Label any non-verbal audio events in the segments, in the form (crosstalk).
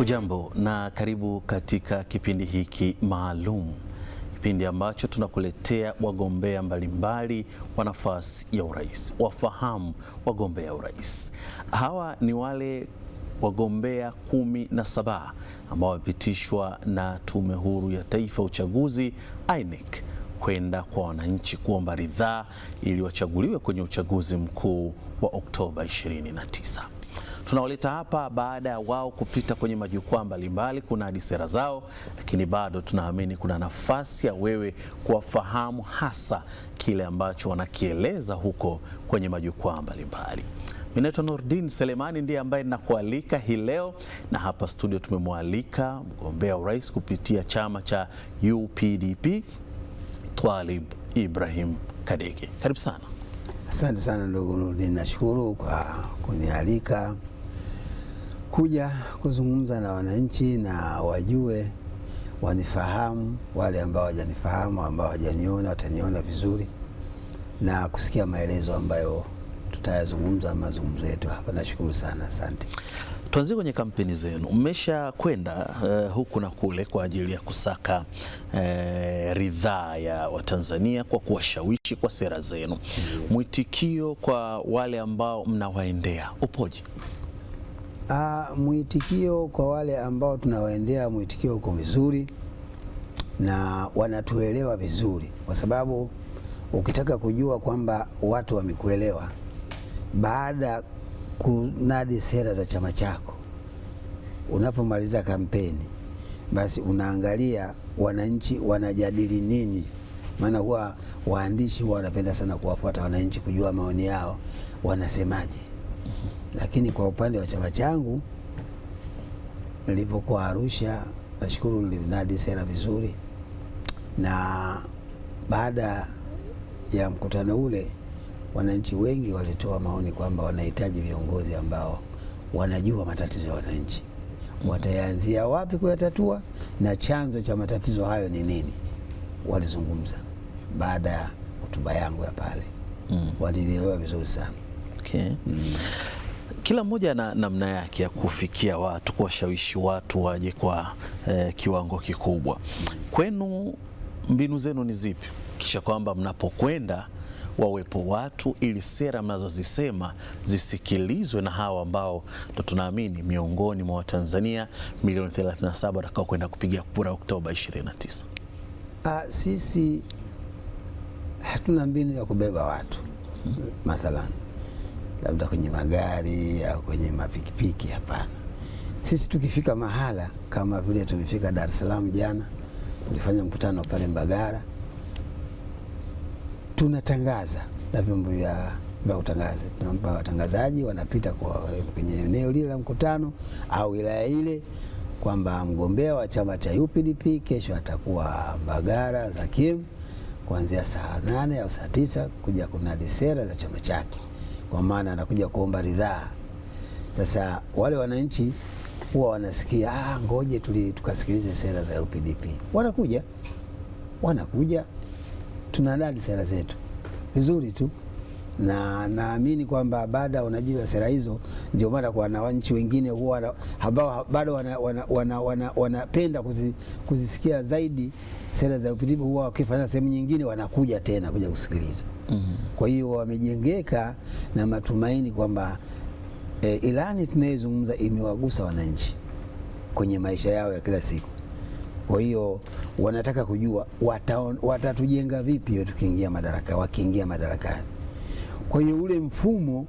Hujambo na karibu katika kipindi hiki maalum, kipindi ambacho tunakuletea wagombea mbalimbali wa nafasi ya urais. Wafahamu wagombea urais hawa ni wale wagombea kumi na saba ambao wamepitishwa na Tume Huru ya Taifa ya Uchaguzi INEC kwenda kwa wananchi kuomba ridhaa ili wachaguliwe kwenye uchaguzi mkuu wa Oktoba 29 tunaoleta hapa baada ya wao kupita kwenye majukwaa mbalimbali, kuna hadi sera zao, lakini bado tunaamini kuna nafasi ya wewe kuwafahamu hasa kile ambacho wanakieleza huko kwenye majukwaa mbalimbali. Mimi naitwa Nurdin Selemani ndiye ambaye ninakualika hii leo, na hapa studio tumemwalika mgombea urais kupitia chama cha UPDP Twalib Ibrahim Kadege. Karibu sana. Asante sana ndugu Nurdin, nashukuru kwa kunialika kuja kuzungumza na wananchi na wajue, wanifahamu, wale ambao hawajanifahamu, ambao hawajaniona wataniona vizuri na kusikia maelezo ambayo tutayazungumza mazungumzo yetu hapa. Nashukuru sana, asante. Tuanzie kwenye kampeni zenu. Mmesha kwenda uh, huku na kule kwa ajili ya kusaka uh, ridhaa ya Watanzania kwa kuwashawishi kwa sera zenu. Mwitikio kwa wale ambao mnawaendea upoje? Uh, mwitikio kwa wale ambao tunawaendea, mwitikio uko vizuri na wanatuelewa vizuri, kwa sababu ukitaka kujua kwamba watu wamekuelewa baada kunadi sera za chama chako, unapomaliza kampeni, basi unaangalia wananchi wanajadili nini. Maana huwa waandishi huwa wanapenda sana kuwafuata wananchi, kujua maoni yao wanasemaje lakini kwa upande wa chama changu nilipokuwa Arusha, nashukuru nilinadi sera vizuri, na baada ya mkutano ule wananchi wengi walitoa maoni kwamba wanahitaji viongozi ambao wanajua matatizo ya wananchi, wataanzia wapi kuyatatua na chanzo cha matatizo hayo ni nini. Walizungumza baada ya hotuba yangu ya pale mm. Walinielewa vizuri sana okay. mm kila mmoja na namna yake ya kufikia watu, kuwashawishi watu waje kwa eh, kiwango kikubwa. Kwenu mbinu zenu ni zipi kisha kwamba mnapokwenda wawepo watu ili sera mnazozisema zisikilizwe na hawa ambao ndo tunaamini miongoni mwa Watanzania milioni 37 watakao kwenda kupiga kura Oktoba 29? Ah, sisi hatuna mbinu ya kubeba watu hmm. Mathalan, labda kwenye magari au kwenye mapikipiki. Hapana, sisi tukifika mahala kama vile tumefika Dar es Salaam jana, tulifanya mkutano pale Mbagara, tunatangaza na vyombo vya utangazi, tunampa watangazaji, wanapita kwenye eneo lile la mkutano au wilaya ile kwamba mgombea wa chama cha UPDP kesho atakuwa Mbagara Zakim kuanzia saa nane au saa tisa kuja kunadi sera za chama chake kwa maana anakuja kuomba ridhaa. Sasa wale wananchi huwa wanasikia ah, ngoje tuli tukasikilize sera za UPDP. Wanakuja wanakuja, tunadadi sera zetu vizuri tu, na naamini kwamba baada ya sera hizo, ndio maana kwa wananchi wengine huwa ambao bado wanapenda wana, wana, wana, wana kuzi, kuzisikia zaidi sera za UPDP huwa wakifanya sehemu nyingine wanakuja tena kuja kusikiliza. mm -hmm. Kwa hiyo wamejengeka na matumaini kwamba e, ilani tunayezungumza imewagusa wananchi kwenye maisha yao ya kila siku. Kwa hiyo wanataka kujua watatujenga watatujenga vipi tukiingia madaraka, wakiingia madarakani. Kwa hiyo ule mfumo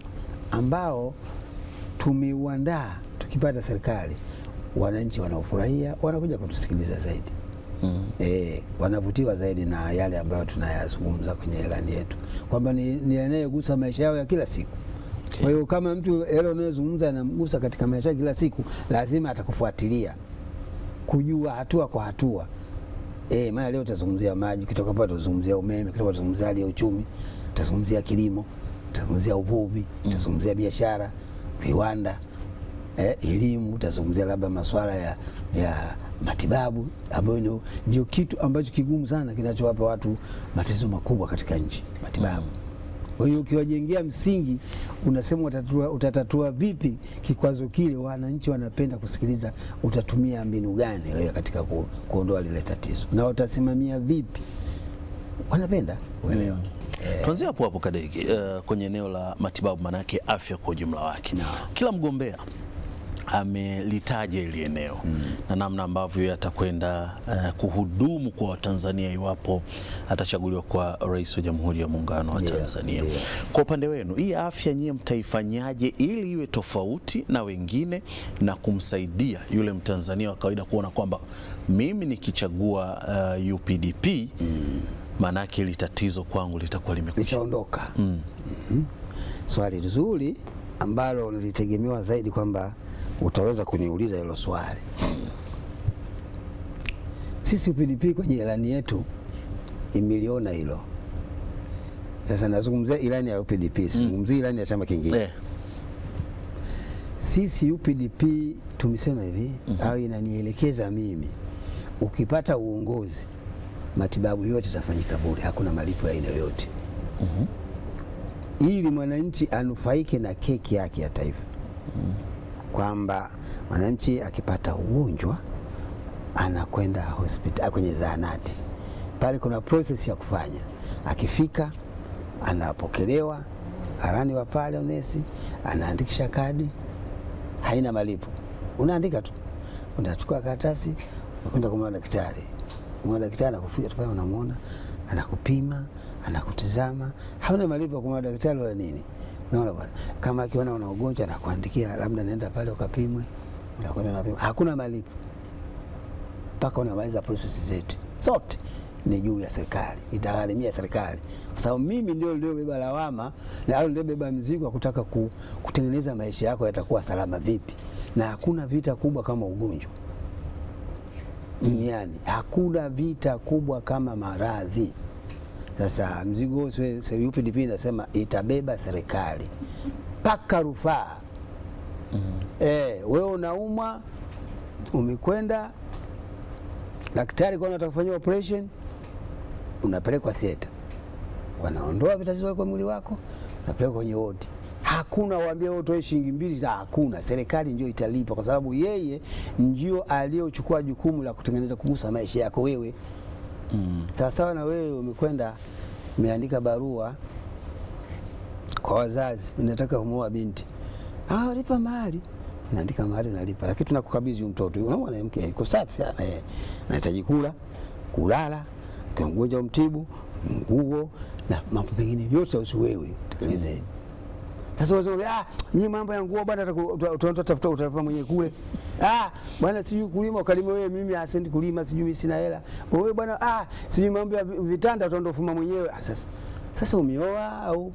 ambao tumeuandaa tukipata serikali, wananchi wanaofurahia wanakuja kutusikiliza zaidi mm. eh, wanavutiwa zaidi na yale ambayo tunayazungumza kwenye ilani yetu kwamba ni, ni yanayogusa maisha yao ya kila siku. Kwa hiyo Kama mtu yale unayozungumza yanamgusa katika maisha ya kila siku, lazima atakufuatilia kujua hatua kwa hatua eh, maana leo tutazungumzia maji, kitoka pale tutazungumzia umeme, kitoka tutazungumzia hali ya uchumi, tutazungumzia kilimo, tutazungumzia uvuvi, tutazungumzia biashara, viwanda eh, elimu, utazungumzia labda masuala ya, ya matibabu ambayo ndio kitu ambacho kigumu sana kinachowapa watu matatizo makubwa katika nchi, matibabu. Kwa hiyo ukiwajengea msingi, unasema utatatua, utatatua vipi kikwazo kile? Wananchi wanapenda kusikiliza. Utatumia mbinu gani wewe katika ku, kuondoa lile tatizo na utasimamia vipi? Wanapenda uelewa. mm. Tuanzie hapo hapo Kadeki, uh, kwenye eneo la matibabu, maanake afya kwa ujumla wake no. Kila mgombea amelitaja ili eneo mm. na namna ambavyo atakwenda uh, eh, kuhudumu kwa Watanzania iwapo atachaguliwa kwa rais wa Jamhuri ya Muungano wa yeah, Tanzania yeah. Kwa upande wenu hii afya nyie mtaifanyaje ili iwe tofauti na wengine na kumsaidia yule Mtanzania wa kawaida kuona kwamba mimi nikichagua uh, UPDP mm. ili tatizo kwangu litakuwa limekwisha mm. mm -hmm. Swali nzuri ambalo nilitegemewa zaidi kwamba utaweza kuniuliza hilo swali. Sisi UPDP kwenye ilani yetu imeliona hilo. Sasa nazungumzia ilani ya UPDP, mm. sizungumzii ilani ya chama kingine yeah. Sisi UPDP tumesema hivi mm -hmm. au inanielekeza mimi, ukipata uongozi, matibabu yote yatafanyika bure, hakuna malipo ya aina yoyote mm -hmm. ili mwananchi anufaike na keki yake ya taifa mm -hmm kwamba mwananchi akipata ugonjwa anakwenda hospitali kwenye zahanati pale, kuna process ya kufanya. Akifika anapokelewa harani wa pale, unesi anaandikisha kadi, haina malipo, unaandika tu, unachukua karatasi, unakwenda kumwona daktari. Mwana daktari anakufika tu pale, unamwona, anakupima, anakutizama, hauna malipo ya kumwona daktari wala nini. Naona bwana, kama akiona una ugonjwa anakuandikia, labda naenda pale ukapimwe, unakwenda unapimwa, Hakuna malipo mpaka unamaliza prosesi zetu zote, ni juu ya serikali, itagharimia serikali, kwa sababu mimi ndio niliyobeba lawama na niliyobeba mzigo wa kutaka ku, kutengeneza maisha yako yatakuwa salama vipi, na hakuna vita kubwa kama ugonjwa mm. duniani, hakuna vita kubwa kama maradhi. Sasa mzigo UPDP inasema itabeba serikali mpaka rufaa. mm eh, wewe unaumwa, umekwenda daktari kwa atakufanyia operation, unapelekwa theater, wanaondoa vitatizo kwa mwili wako, unapelekwa kwenye wodi Hakuna waambie wewe utoe shilingi mbili la hakuna. Serikali ndio italipa, kwa sababu yeye ndio aliyochukua jukumu la kutengeneza kugusa maisha yako wewe mm. Sawasawa na wewe umekwenda umeandika barua kwa wazazi, unataka kumuoa binti, ah, lipa mahari naandika mahali nalipa, lakini tunakukabidhi mtoto. Mwanamke yuko safi, ah, eh. anahitaji kula, kulala, kiongoja umtibu, nguo na mambo mengine yote, usiwewe tekeleze mm. Sasa wanasema ah, mambo ya nguo bwana, utafuta utafuta mwenye kule. Ah, bwana sijui kulima ukalima wewe, mimi asendi kulima, sijui mimi sina hela. Wewe bwana, ah, sijui mambo ya vitanda utaenda ufuma mwenyewe. Ah, sasa sasa umeoa au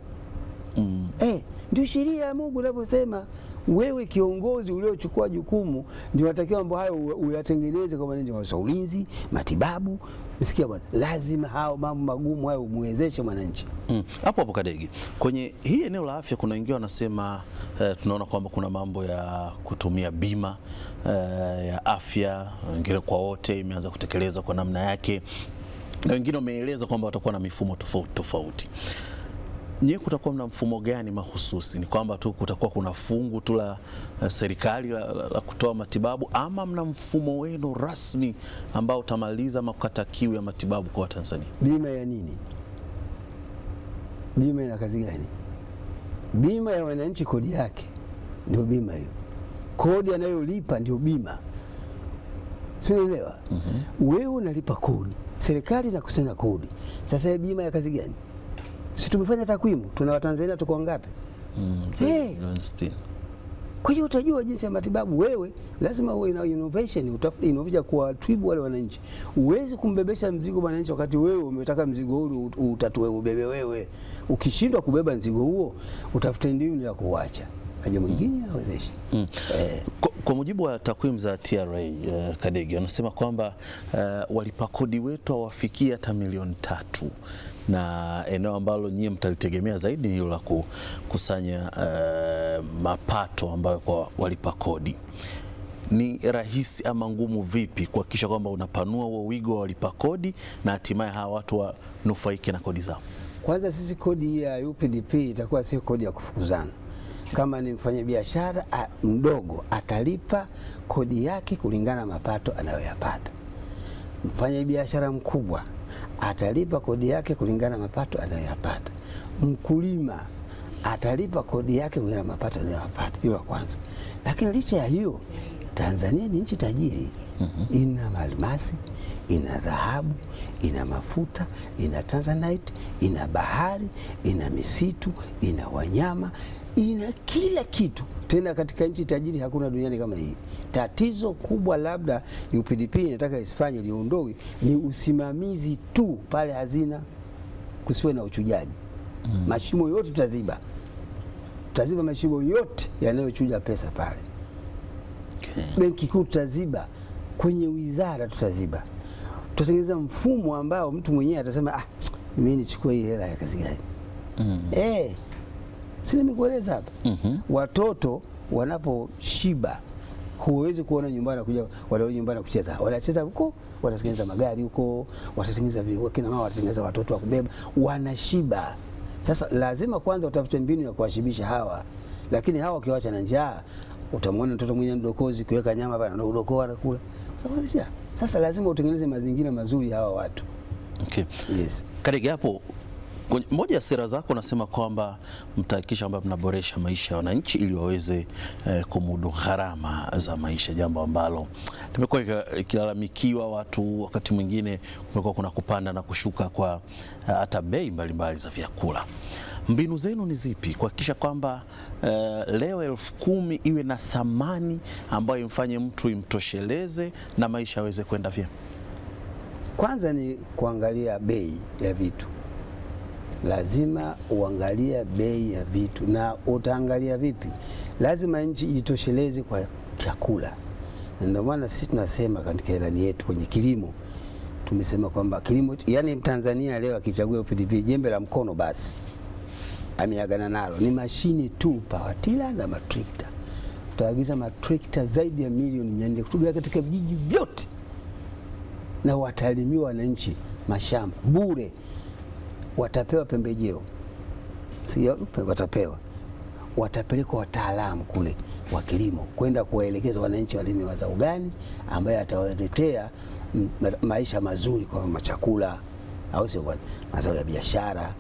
eh, ndio sheria ya Mungu inavyosema. Wewe kiongozi uliochukua jukumu, ndio unatakiwa mambo hayo uyatengeneze, kwa maana ya ulinzi, matibabu. Msikia bwana, lazima hao mambo magumu hayo umwezeshe mwananchi mm, hapo hapo. kadege kwenye hii eneo la afya kuna wengine wanasema eh, tunaona kwamba kuna mambo ya kutumia bima eh, ya afya wengine kwa wote imeanza kutekelezwa kwa namna yake, na wengine wameeleza kwamba watakuwa na mifumo tofauti tofauti. Nyie kutakuwa mna mfumo gani mahususi? Ni kwamba tu kutakuwa kuna fungu tu la eh, serikali la, la, la kutoa matibabu ama mna mfumo wenu rasmi ambao utamaliza makata kiu ya matibabu kwa Watanzania? Bima ya nini? Bima ina kazi gani? Bima ya wananchi kodi yake ndio bima hiyo, kodi anayolipa ndio bima, sinaelewa mm -hmm. Wewe unalipa kodi, serikali inakusanya kodi, sasa bima ya kazi gani? si tumefanya takwimu, tuna Watanzania tuko ngapi? mm, hey. Eh. Kwa hiyo utajua jinsi ya matibabu. Wewe lazima uwe na innovation, utafute innovation kuwatibu wale wananchi. Uwezi kumbebesha mzigo wananchi wakati wewe umetaka mzigo huo utatue ubebe wewe. Ukishindwa kubeba mzigo huo, utafute mbinu ya kuacha aje mwingine awezeshe mm. eh. Kwa, kwa mujibu wa takwimu za TRA uh, eh, Kadege wanasema kwamba eh, walipakodi wetu hawafikii hata milioni tatu na eneo ambalo nyie mtalitegemea zaidi ni hilo la kukusanya uh, eh, mapato ambayo kwa walipa kodi. Ni rahisi ama ngumu vipi kuhakikisha kwamba unapanua huo wigo wa walipa kodi na hatimaye hawa watu wanufaike na kodi zao? Kwanza sisi kodi ya UPDP itakuwa sio kodi ya kufukuzana. Kama ni mfanyabiashara mdogo atalipa kodi yake kulingana na mapato anayoyapata. Mfanyabiashara mkubwa atalipa kodi yake kulingana na mapato anayoyapata. Mkulima atalipa kodi yake kulingana na mapato anayoyapata. Hilo la kwanza. Lakini licha ya hiyo, Tanzania ni nchi tajiri. Mm -hmm. Ina almasi, ina dhahabu, ina mafuta, ina tanzanite, ina bahari, ina misitu, ina wanyama ina kila kitu tena katika nchi tajiri hakuna duniani kama hii. Tatizo kubwa labda UPDP inataka isifanye liondoe ni usimamizi tu pale hazina, kusiwe na uchujaji mm. Mashimo yote tutaziba, tutaziba mashimo yote yanayochuja pesa pale okay. Benki kuu tutaziba, kwenye wizara tutaziba, tutatengeneza mfumo ambao mtu mwenyewe atasema ah, mimi nichukue hii hela ya kazi gani? mm. eh hey si nimekueleza hapa mm -hmm. Watoto wanaposhiba huwezi kuona nyumbani kuja wale nyumbani kucheza, wanacheza huko, watatengeneza magari huko, watatengeneza kina mama, watatengeneza watoto wa kubeba, wanashiba. Sasa lazima kwanza utafute mbinu ya kuwashibisha hawa, lakini hawa wakiwacha na njaa, utamwona mtoto mwenye mdokozi, kiweka nyama hapa na udokoa anakula. Sasa lazima utengeneze mazingira mazuri hawa watu. Okay. Yes. Karige hapo moja ya sera zako unasema kwamba mtahakikisha kwamba mnaboresha maisha ya wananchi ili waweze eh, kumudu gharama za maisha, jambo ambalo limekuwa ikilalamikiwa watu. Wakati mwingine kumekuwa kuna kupanda na kushuka kwa eh, hata bei mbalimbali za vyakula. Mbinu zenu ni zipi kuhakikisha kwamba eh, leo elfu kumi iwe na thamani ambayo imfanye mtu imtosheleze na maisha aweze kwenda vyema? Kwanza ni kuangalia bei ya vitu lazima uangalia bei ya vitu. Na utaangalia vipi? Lazima nchi itosheleze kwa chakula, na ndio maana sisi tunasema katika ilani yetu kwenye kilimo tumesema kwamba kilimo, yani Mtanzania leo akichagua UPDP jembe la mkono basi ameagana nalo, ni mashini tu, pawatila na matrikta. Tutaagiza matrikta zaidi ya milioni mia nne kutoka katika vijiji vyote, na watalimiwa wananchi mashamba bure watapewa pembejeo, sio watapewa, watapelekwa wataalamu kule wa kilimo kwenda kuwaelekeza wananchi walime mazao gani ambayo atawaletea maisha mazuri, kwa chakula au sio mazao ya biashara.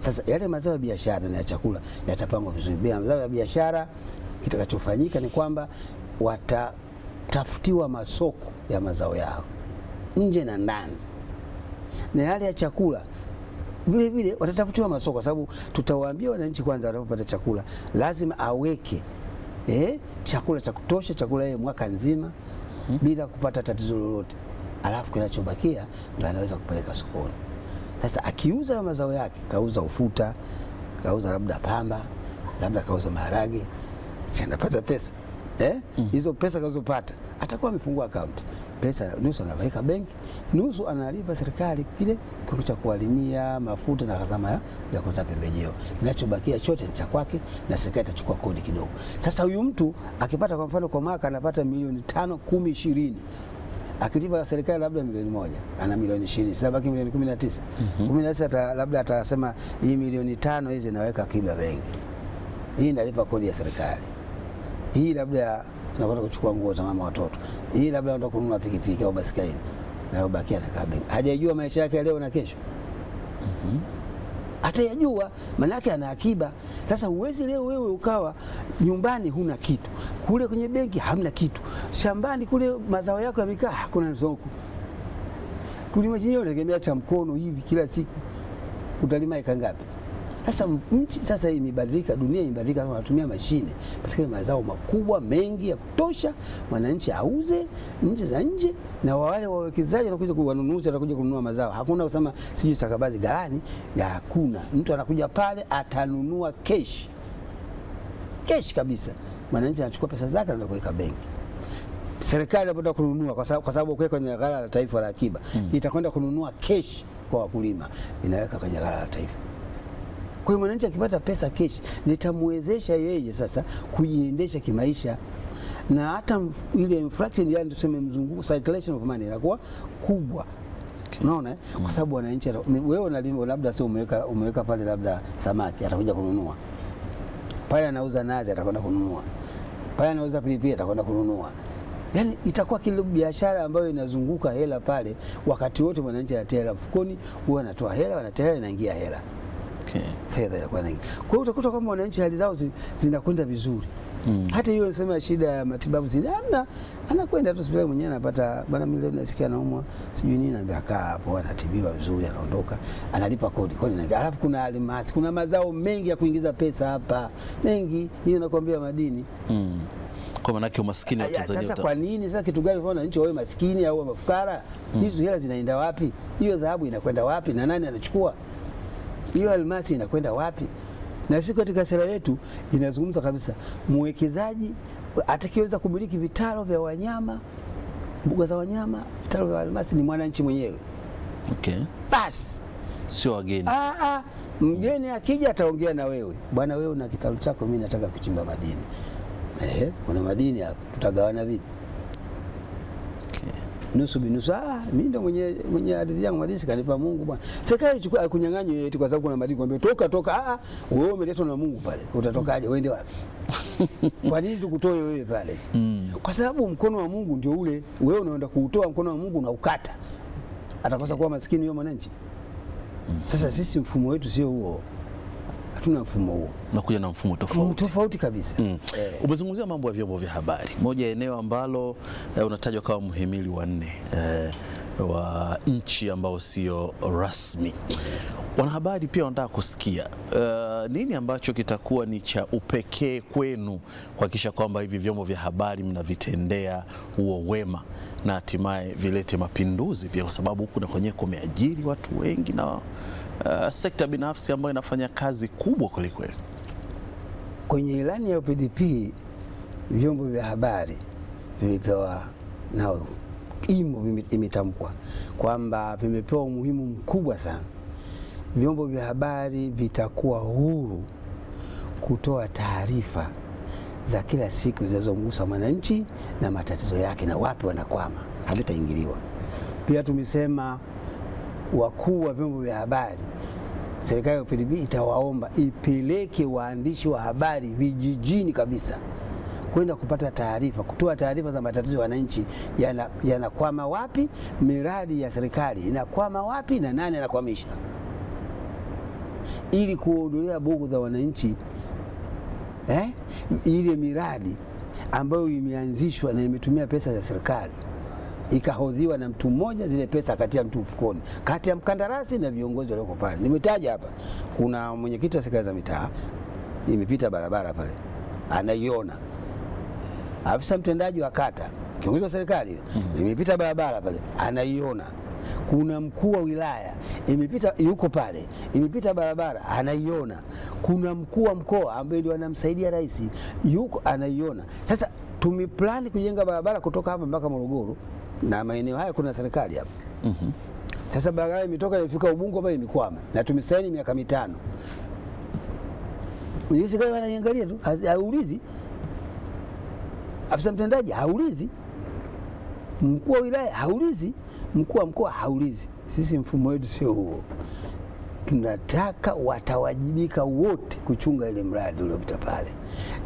Sasa yale mazao ya biashara na ya chakula yatapangwa vizuri. Mazao ya biashara, kitakachofanyika ni kwamba watatafutiwa masoko ya mazao yao nje na ndani, na yale ya chakula vile vile watatafutiwa masoko, kwa sababu tutawaambia wananchi kwanza, wanapopata chakula lazima aweke eh, chakula cha kutosha, chakula yeye mwaka nzima hmm, bila kupata tatizo lolote, alafu kinachobakia ndo anaweza kupeleka sokoni. Sasa akiuza mazao yake, kauza ufuta, kauza labda pamba, labda kauza maharage, si anapata pesa eh? Mm. Hizo pesa kazopata atakuwa amefungua akaunti pesa nusu anaweka benki, nusu analipa serikali kile kitu cha kualimia mafuta na gharama ya kuleta pembejeo. Kinachobakia chote ni cha kwake, na serikali itachukua kodi kidogo. Sasa huyu mtu akipata kwa mfano kwa mwaka anapata milioni tano, kumi, ishirini akilipa la serikali labda milioni moja ana milioni ishirini sasa baki milioni kumi na tisa mhm. kumi na tisa labda atasema hii milioni tano hizi naweka akiba benki, hii nalipa kodi ya serikali, hii labda tunakwenda kuchukua nguo za mama watoto, hii labda anaenda kununua pikipiki au basikeli, na bakia anakaa benki. Hajajua maisha yake leo na kesho mm Atayajua manake ana akiba. Sasa uwezi leo wewe ukawa nyumbani huna kitu, kule kwenye benki hamna kitu, shambani kule mazao yako yamekaa, hakuna soko, kulima chenyewe unategemea cha mkono hivi, kila siku utalima eka ngapi? Sasa nchi sasa hii imebadilika, dunia imebadilika, wanatumia mashine katika mazao makubwa mengi ya kutosha, mwananchi auze nchi za nje, na wale wawekezaji wanakuja, kuwanunuzi, watakuja kununua mazao. Hakuna kusema sijui stakabadhi ya hakuna. Mtu anakuja pale atanunua cash cash kabisa, mwananchi anachukua pesa zake na kuweka benki serikali inakwenda kununua kwa sababu, kwa kwenye ghala la taifa la akiba mm. Itakwenda kununua keshi kwa wakulima, inaweka kwenye ghala la taifa. Kwa hiyo mwananchi akipata pesa cash zitamwezesha yeye sasa kujiendesha kimaisha na hata ile infraction yani tuseme mzunguko circulation of money inakuwa kubwa. Unaona, kwa mm. sababu wananchi, wewe unalima labda, sio umeweka umeweka pale labda samaki, atakuja kununua pale, anauza nazi, atakwenda kununua pale, anauza pilipili, atakwenda kununua. Yani itakuwa kile biashara ambayo inazunguka hela pale, wakati wote mwananchi anatia hela mfukoni, huwa anatoa hela, anatia hela, inaingia hela okay. fedha ya kwa nini. Kwa hiyo utakuta kwamba wananchi hali zao zinakwenda vizuri mm. hata hiyo nasema shida ya matibabu zile hamna, anakwenda tu hospitali mwenyewe anapata bwana, mimi leo nasikia anaumwa sijui nini, naambia kaa hapo, anatibiwa vizuri, anaondoka, analipa kodi kodi. Alafu kuna almasi, kuna mazao mengi ya kuingiza pesa hapa mengi, hiyo nakwambia madini mm. Kwa maana yake umaskini wa Tanzania. Sasa kwa nini sasa kitu gani kwa wananchi wawe maskini au wa mafukara? Mm. Hizo mm. hela zinaenda wapi? Hiyo dhahabu inakwenda wapi na nani anachukua? hiyo almasi inakwenda wapi? Na sisi katika sera yetu inazungumza kabisa, mwekezaji atakayeweza kumiliki vitalo vya wanyama, mbuga za wanyama, vitalo vya almasi ni mwananchi mwenyewe. Okay. Basi sio wageni. Ah, ah, mgeni akija ataongea na wewe, bwana, wewe una kitalo chako, mimi nataka kuchimba madini. Eh, kuna madini hapa, tutagawana vipi? nusu binusu. Ah, mimi ndo mwenye mwenye ardhi yangu madini kanipa Mungu bwana. Serikali chukua kunyang'anywa eti kwa sababu kuna madini kwambie toka toka. Ah, ah, wewe umeletwa na Mungu pale. Utatokaje? Uende wapi? (laughs) Kwa nini tukutoe wewe pale? Mm. Kwa sababu mkono wa Mungu ndio ule. Wewe unaenda kuutoa mkono wa Mungu na ukata. Atakosa kuwa maskini yule mwananchi. Hmm. Sasa sisi mfumo wetu sio huo hatuna mfumo huo, nakuja na mfumo tofauti tofauti kabisa mm. Eh. Umezungumzia mambo ya vyombo vya habari, moja ya eneo ambalo eh, unatajwa kama mhimili wa nne eh, wa nchi ambao sio rasmi. Wanahabari pia wanataka kusikia uh, nini ambacho kitakuwa ni cha upekee kwenu kuhakikisha kwamba hivi vyombo vya habari mnavitendea huo wema na hatimaye vilete mapinduzi pia, kwa sababu huku na kwenyewe kumeajiri watu wengi na Uh, sekta binafsi ambayo inafanya kazi kubwa kwelikweli. Kwenye ilani ya UPDP vyombo vya habari vimepewa na imo imetamkwa kwamba vimepewa umuhimu mkubwa sana. Vyombo vya habari vitakuwa huru kutoa taarifa za kila siku zinazomgusa mwananchi na matatizo yake na wapi wanakwama, halitaingiliwa. Pia tumesema wakuu wa vyombo vya habari serikali ya PDB itawaomba ipeleke waandishi wa habari vijijini kabisa kwenda kupata taarifa, kutoa taarifa za matatizo ya wananchi yanakwama yana wapi, miradi ya serikali inakwama wapi na nani anakwamisha, ili kuondolea bugu za wananchi eh, ile miradi ambayo imeanzishwa na imetumia pesa za serikali ikahodhiwa na mtu mmoja, zile pesa akatia mtu mfukoni, kati ya mkandarasi na viongozi walioko pale. Nimetaja hapa, kuna mwenyekiti wa serikali za mitaa, imepita barabara pale, anaiona afisa mtendaji wa kata, kiongozi wa serikali, imepita barabara pale, anaiona kuna mkuu wa wilaya imepita, yuko pale, imepita barabara anaiona. Kuna mkuu wa mkoa ambaye ndio anamsaidia rais, yuko anaiona. Sasa tumeplani kujenga barabara kutoka hapa mpaka Morogoro na maeneo haya kuna serikali hapa mm -hmm. Sasa barabara imetoka imefika Ubungo pale imekwama, na tumesaini miaka mitano. Mjisi kama ananiangalia tu, haulizi afisa mtendaji, haulizi mkuu wa wilaya, haulizi mkuu wa mkoa, haulizi. Sisi mfumo wetu sio huo tunataka watawajibika wote kuchunga ile mradi uliopita pale,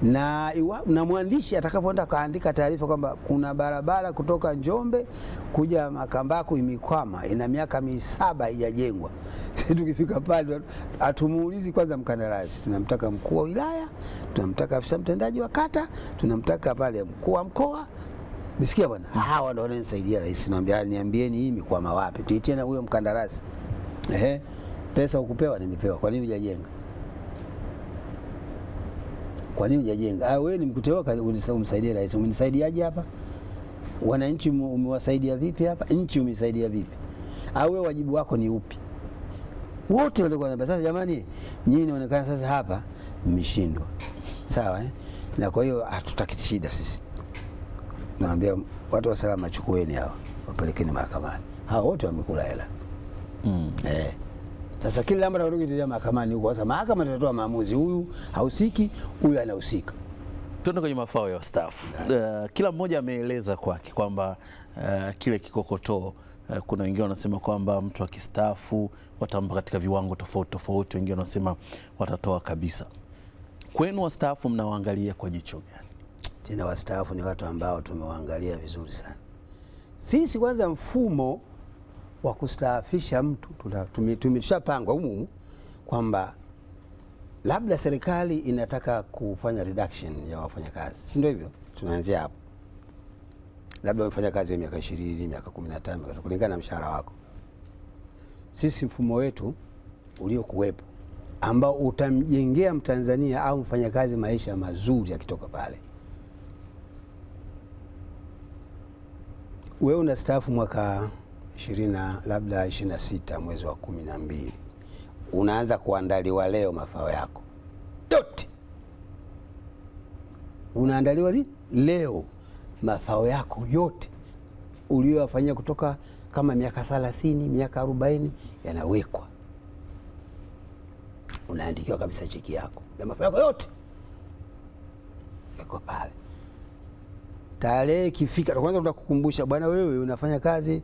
na, iwa, na mwandishi atakapoenda kaandika taarifa kwamba kuna barabara kutoka Njombe kuja Makambaku imekwama, ina miaka misaba haijajengwa. (laughs) Sisi tukifika pale hatumuulizi kwanza mkandarasi, tunamtaka mkuu wa wilaya, tunamtaka afisa mtendaji wa kata, tunamtaka pale mkuu wa mkoa Msikia bwana, mm. hawa ndio wanaonisaidia rais. Niambia, niambieni hii mikwama wapi, tuitie na huyo mkandarasi ehe. Pesa ukupewa? Nimepewa. Kwa nini hujajenga? Kwa nini hujajenga? Ah, wewe ni mkuteoka, umsaidie rais. Umenisaidiaje hapa? Wananchi umewasaidia vipi hapa? Nchi umeisaidia vipi? Au ah, wewe wajibu wako ni upi? Wote walikuwa wanambia sasa, jamani, nyinyi inaonekana sasa hapa mmeshindwa. Sawa eh? Na kwa hiyo hatutaki shida sisi. Naambia watu wa salama, chukueni hawa, wapelekeni mahakamani. Hao wote wamekula hela. Mm. Eh. Sasa kila jambo atakuja mahakamani huko. Sasa mahakama itatoa maamuzi, huyu hahusiki, huyu anahusika. Tuende kwenye mafao ya wastaafu. Uh, kila mmoja ameeleza kwake kwamba uh, kile kikokotoo uh, kuna wengine wanasema kwamba mtu akistaafu watampa katika viwango tofauti tofauti, wengine wanasema watatoa kabisa. Kwenu wastaafu mnawaangalia kwa jicho gani? Tena wastaafu ni watu ambao tumewaangalia vizuri sana sisi. Kwanza mfumo wa kustaafisha mtu tushapangwa humu kwamba labda serikali inataka kufanya reduction ya wafanyakazi, si ndio? Hivyo tunaanzia hapo, labda wafanya kazi wa miaka ishirini, miaka kumi na tano kulingana na mshahara wako. Sisi mfumo wetu uliokuwepo ambao utamjengea Mtanzania au mfanyakazi maisha mazuri akitoka pale. Wewe unastaafu mwaka 20 labda sita mwezi wa kumi na mbili unaanza kuandaliwa leo mafao yako yote unaandaliwa lini? Leo mafao yako yote uliyowafanyia kutoka kama miaka thalathini miaka arobaini yanawekwa, unaandikiwa kabisa cheki yako ya mafao yako yote yako pale. Tarehe ikifika, kwanza tunakukumbusha bwana, wewe unafanya kazi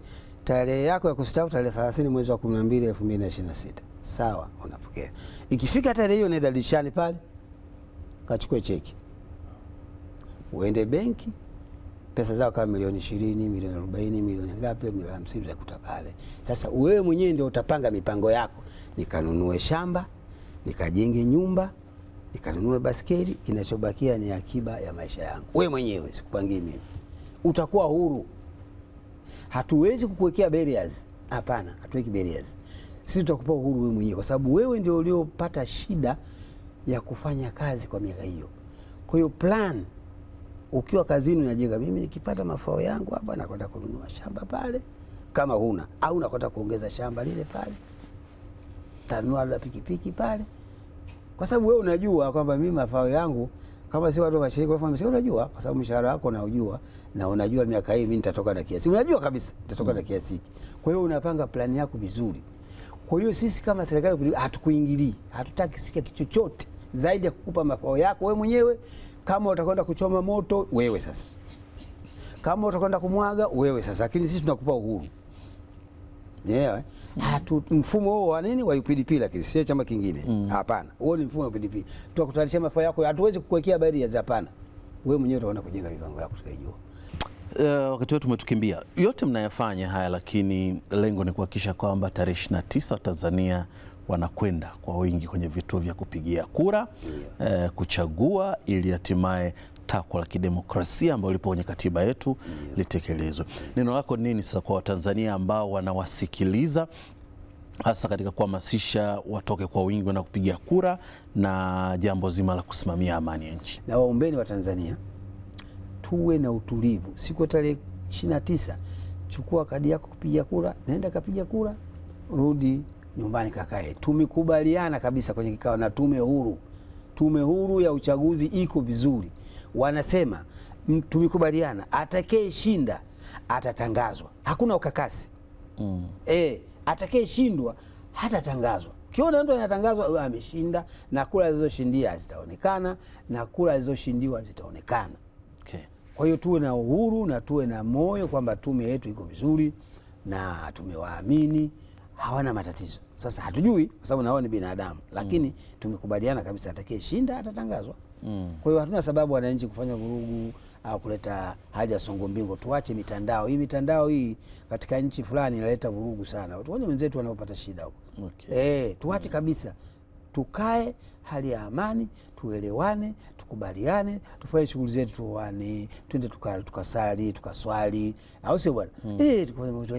tarehe yako ya kustaafu tarehe 30 mwezi wa 12 2026. Sawa, unapokea. Ikifika tarehe hiyo nenda dirishani pale kachukue cheki, uende benki, pesa zao kama milioni 20, milioni 40, milioni ngapi, milioni 50 za kuta pale. Sasa wewe mwenyewe ndio utapanga mipango yako, nikanunue shamba, nikajenge nyumba, nikanunue baskeli, kinachobakia ni akiba ya maisha yangu. Wewe mwenyewe, sikupangii mimi. Utakuwa huru hatuwezi kukuwekea barriers. Hapana, hatuweki barriers. Sisi tutakupa uhuru wewe mwenyewe, kwa sababu wewe ndio uliopata shida ya kufanya kazi kwa miaka hiyo. Kwa hiyo plan ukiwa kazini unajenga, mimi nikipata mafao yangu hapa nakwenda kununua shamba pale, kama huna au nakwenda kuongeza shamba lile pale, tanua labda pikipiki pale, kwa sababu wewe unajua kwamba mimi mafao yangu kama si watu washiriki kwa mshahara unajua, kwa sababu mshahara wako unajua na unajua miaka hii mimi nitatoka na kiasi, unajua kabisa nitatoka na mm. kiasi hiki. Kwa hiyo unapanga plani yako vizuri. Kwa hiyo sisi kama serikali hatukuingilii, hatutaki sikia kichochote zaidi ya kukupa mafao yako wewe mwenyewe. Kama utakwenda kuchoma moto wewe sasa, kama utakwenda kumwaga wewe sasa, lakini sisi tunakupa uhuru yeah. Mm. hatu mfumo huo wa nini wa UPDP, lakini sio chama kingine mm. hapana. Huo ni mfumo wa UPDP, tutakutayarisha mafao yako, hatuwezi kukuwekea baadhi ya hapana, wewe mwenyewe utaona kujenga mipango yako tukaijua. Uh, eh, wakati wetu umetukimbia. Yote mnayafanya haya, lakini lengo ni kuhakikisha kwamba tarehe 29 Tanzania wanakwenda kwa wingi kwenye vituo vya kupigia kura yeah. Eh, kuchagua ili hatimaye takwa la kidemokrasia ambayo lipo kwenye katiba yetu yeah, litekelezwe. Neno lako nini sasa kwa Watanzania ambao wanawasikiliza hasa katika kuhamasisha watoke kwa wingi na kupiga kura na jambo zima la kusimamia amani ya nchi? Na waombeni Watanzania tuwe na utulivu. Siku ya tarehe tisa. chukua kadi yako kupiga kura, naenda kapiga kura, rudi nyumbani kakae. Tumekubaliana kabisa kwenye kikao na tume huru, tume huru ya uchaguzi iko vizuri wanasema tumekubaliana, atakayeshinda atatangazwa, hakuna ukakasi mm. E, atakayeshindwa hatatangazwa. Ukiona mtu anatangazwa ameshinda, na kura alizoshindia zitaonekana na kura alizoshindiwa zitaonekana. Okay. Kwa hiyo tuwe na uhuru na tuwe na moyo kwamba tume yetu iko vizuri na tumewaamini hawana matatizo. Sasa hatujui kwa sababu nao ni binadamu, lakini mm. tumekubaliana kabisa, atakayeshinda atatangazwa. Mm. Kwa hiyo hatuna sababu wananchi kufanya vurugu au kuleta haja songo mbingo. Tuache mitandao hii, mitandao hii katika nchi fulani inaleta vurugu sana, tuone wenzetu wanaopata shida huko. Okay. E, tuache mm. kabisa, tukae hali ya amani, tuelewane, tukubaliane, tufanye shughuli zetu, tuoane, twende tukasali, tuka tukaswali, au sio bwana? mm. E,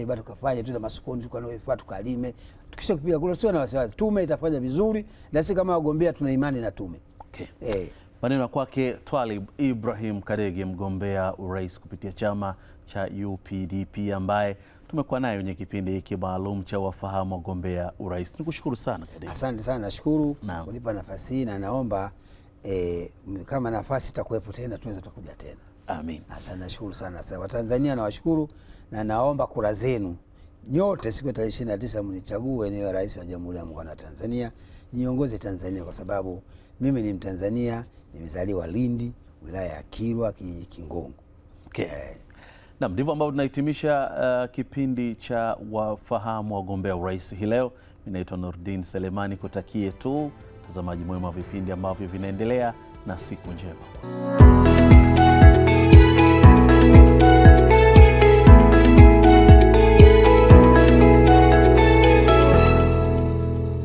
ibada tukafanye, twende masokoni, tukanfa tukalime, tukisha kupiga kura sio na wasiwasi, tume itafanya vizuri, na sisi kama wagombea tuna imani na tume. Okay. E. Maneno ya kwake Twalib Ibrahim Karege, mgombea urais kupitia chama cha UPDP ambaye tumekuwa naye kwenye kipindi hiki maalum cha wafahamu wagombea urais. Nikushukuru sana Karege. Asante sana, nashukuru na kunipa nafasi hii na naomba e, kama nafasi itakuwepo tena tunaweza tukuja tena. Amin. Asante, nashukuru sana sana. Watanzania nawashukuru na naomba kura zenu nyote siku ya tarehe 29 mnichague niwe rais wa Jamhuri ya Muungano wa Tanzania, niongoze Tanzania kwa sababu mimi ni Mtanzania, nimezaliwa Lindi, wilaya ya Kilwa, kijiji Kingongo. Okay. Eh, nam ndivyo ambavyo tunahitimisha uh, kipindi cha wafahamu wagombea urais hii leo. Mimi naitwa Nurdin Selemani, kutakie tu mtazamaji mwema wa vipindi ambavyo vinaendelea na siku njema.